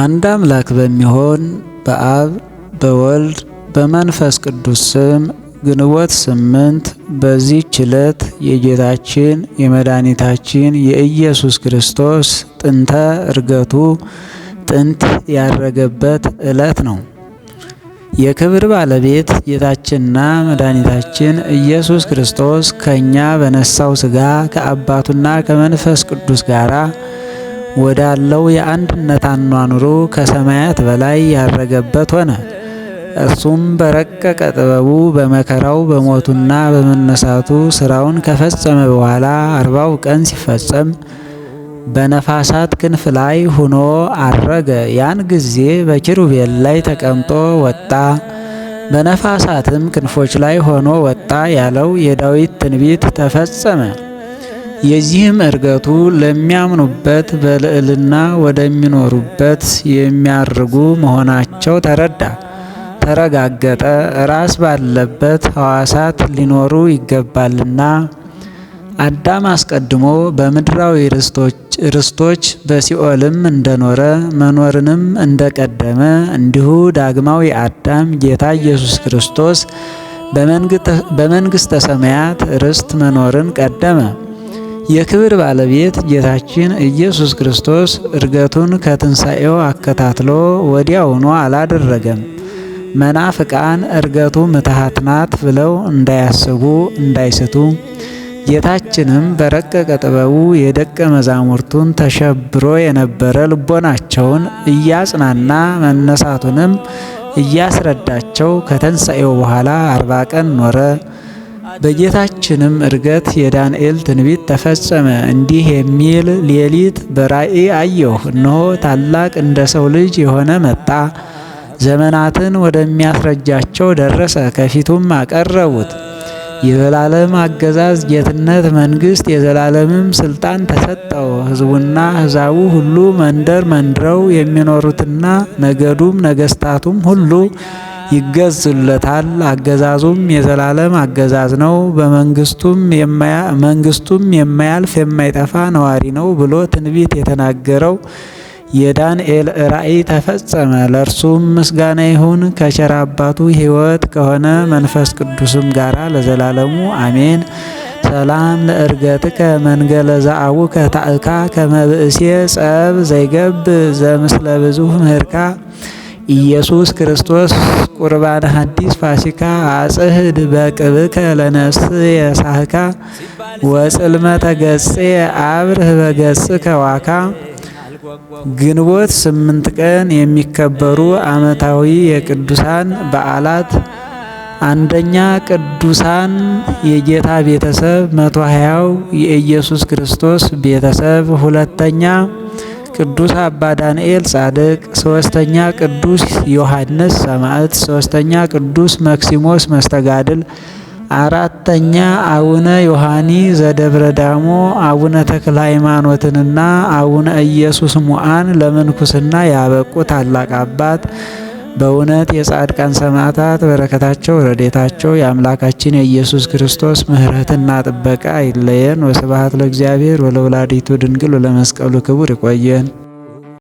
አንድ አምላክ በሚሆን በአብ በወልድ በመንፈስ ቅዱስ ስም ግንቦት ስምንት በዚህች ዕለት የጌታችን የመድኃኒታችን የኢየሱስ ክርስቶስ ጥንተ እርገቱ ጥንት ያረገበት ዕለት ነው። የክብር ባለቤት ጌታችንና መድኃኒታችን ኢየሱስ ክርስቶስ ከእኛ በነሳው ሥጋ ከአባቱና ከመንፈስ ቅዱስ ጋራ ወዳለው የአንድነት አኗኑሮ ከሰማያት በላይ ያረገበት ሆነ። እርሱም በረቀቀ ጥበቡ በመከራው በሞቱና በመነሳቱ ስራውን ከፈጸመ በኋላ አርባው ቀን ሲፈጸም በነፋሳት ክንፍ ላይ ሆኖ አረገ። ያን ጊዜ በኪሩቤል ላይ ተቀምጦ ወጣ፣ በነፋሳትም ክንፎች ላይ ሆኖ ወጣ ያለው የዳዊት ትንቢት ተፈጸመ። የዚህም እርገቱ ለሚያምኑበት በልዕልና ወደሚኖሩበት የሚያርጉ መሆናቸው ተረዳ፣ ተረጋገጠ። ራስ ባለበት ሐዋሳት ሊኖሩ ይገባልና አዳም አስቀድሞ በምድራዊ ርስቶች በሲኦልም እንደኖረ መኖርንም እንደቀደመ እንዲሁ ዳግማዊ አዳም ጌታ ኢየሱስ ክርስቶስ በመንግሥተ ሰማያት ርስት መኖርን ቀደመ። የክብር ባለቤት ጌታችን ኢየሱስ ክርስቶስ እርገቱን ከትንሣኤው አከታትሎ ወዲያውኑ አላደረገም። መናፍቃን እርገቱ ምትሃት ናት ብለው እንዳያስቡ እንዳይስቱ፣ ጌታችንም በረቀቀ ጥበቡ የደቀ መዛሙርቱን ተሸብሮ የነበረ ልቦናቸውን እያጽናና መነሳቱንም እያስረዳቸው ከተንሣኤው በኋላ አርባ ቀን ኖረ። በጌታችንም እርገት የዳንኤል ትንቢት ተፈጸመ፣ እንዲህ የሚል ሌሊት በራእይ አየሁ። እነሆ ታላቅ እንደ ሰው ልጅ የሆነ መጣ፣ ዘመናትን ወደሚያስረጃቸው ደረሰ። ከፊቱም አቀረቡት። የዘላለም አገዛዝ፣ ጌትነት፣ መንግስት፣ የዘላለምም ስልጣን ተሰጠው። ሕዝቡና ሕዛቡ ሁሉ መንደር መንድረው የሚኖሩትና ነገዱም ነገስታቱም ሁሉ ይገዝለታል አገዛዙም የዘላለም አገዛዝ ነው፣ በመንግስቱም መንግስቱም የማያልፍ የማይጠፋ ነዋሪ ነው ብሎ ትንቢት የተናገረው የዳንኤል ራእይ ተፈጸመ። ለእርሱም ምስጋና ይሁን ከቸር አባቱ ሕይወት ከሆነ መንፈስ ቅዱስም ጋራ ለዘላለሙ አሜን። ሰላም ለእርገትከ መንገለ ዘአቡከ ታእካ ከመብእሴ ጸብ ዘይገብ ዘምስለ ምህርካ ኢየሱስ ክርስቶስ ቁርባን ሐዲስ ፋሲካ አጽህድ በቅብከ ለነፍስ የሳህካ ወጽልመተ ገጽ አብርህ በገጽ ከዋካ። ግንቦት ስምንት ቀን የሚከበሩ ዓመታዊ የቅዱሳን በዓላት አንደኛ ቅዱሳን የጌታ ቤተሰብ መቶ ሀያው የኢየሱስ ክርስቶስ ቤተሰብ ሁለተኛ ቅዱስ አባ ዳንኤል ጻድቅ፣ ሶስተኛ ቅዱስ ዮሐንስ ሰማዕት፣ ሶስተኛ ቅዱስ መክሲሞስ መስተጋድል፣ አራተኛ አቡነ ዮሐኒ ዘደብረ ዳሞ አቡነ ተክለ ሃይማኖትንና አቡነ ኢየሱስ ሙአን ለምንኩስና ያበቁ ታላቅ አባት በእውነት የጻድቃን ሰማዕታት በረከታቸው ረዴታቸው የአምላካችን የኢየሱስ ክርስቶስ ምሕረትና ጥበቃ አይለየን። ወስብሐት ለእግዚአብሔር ወለወላዲቱ ድንግል ወለመስቀሉ ክቡር። ይቆየን።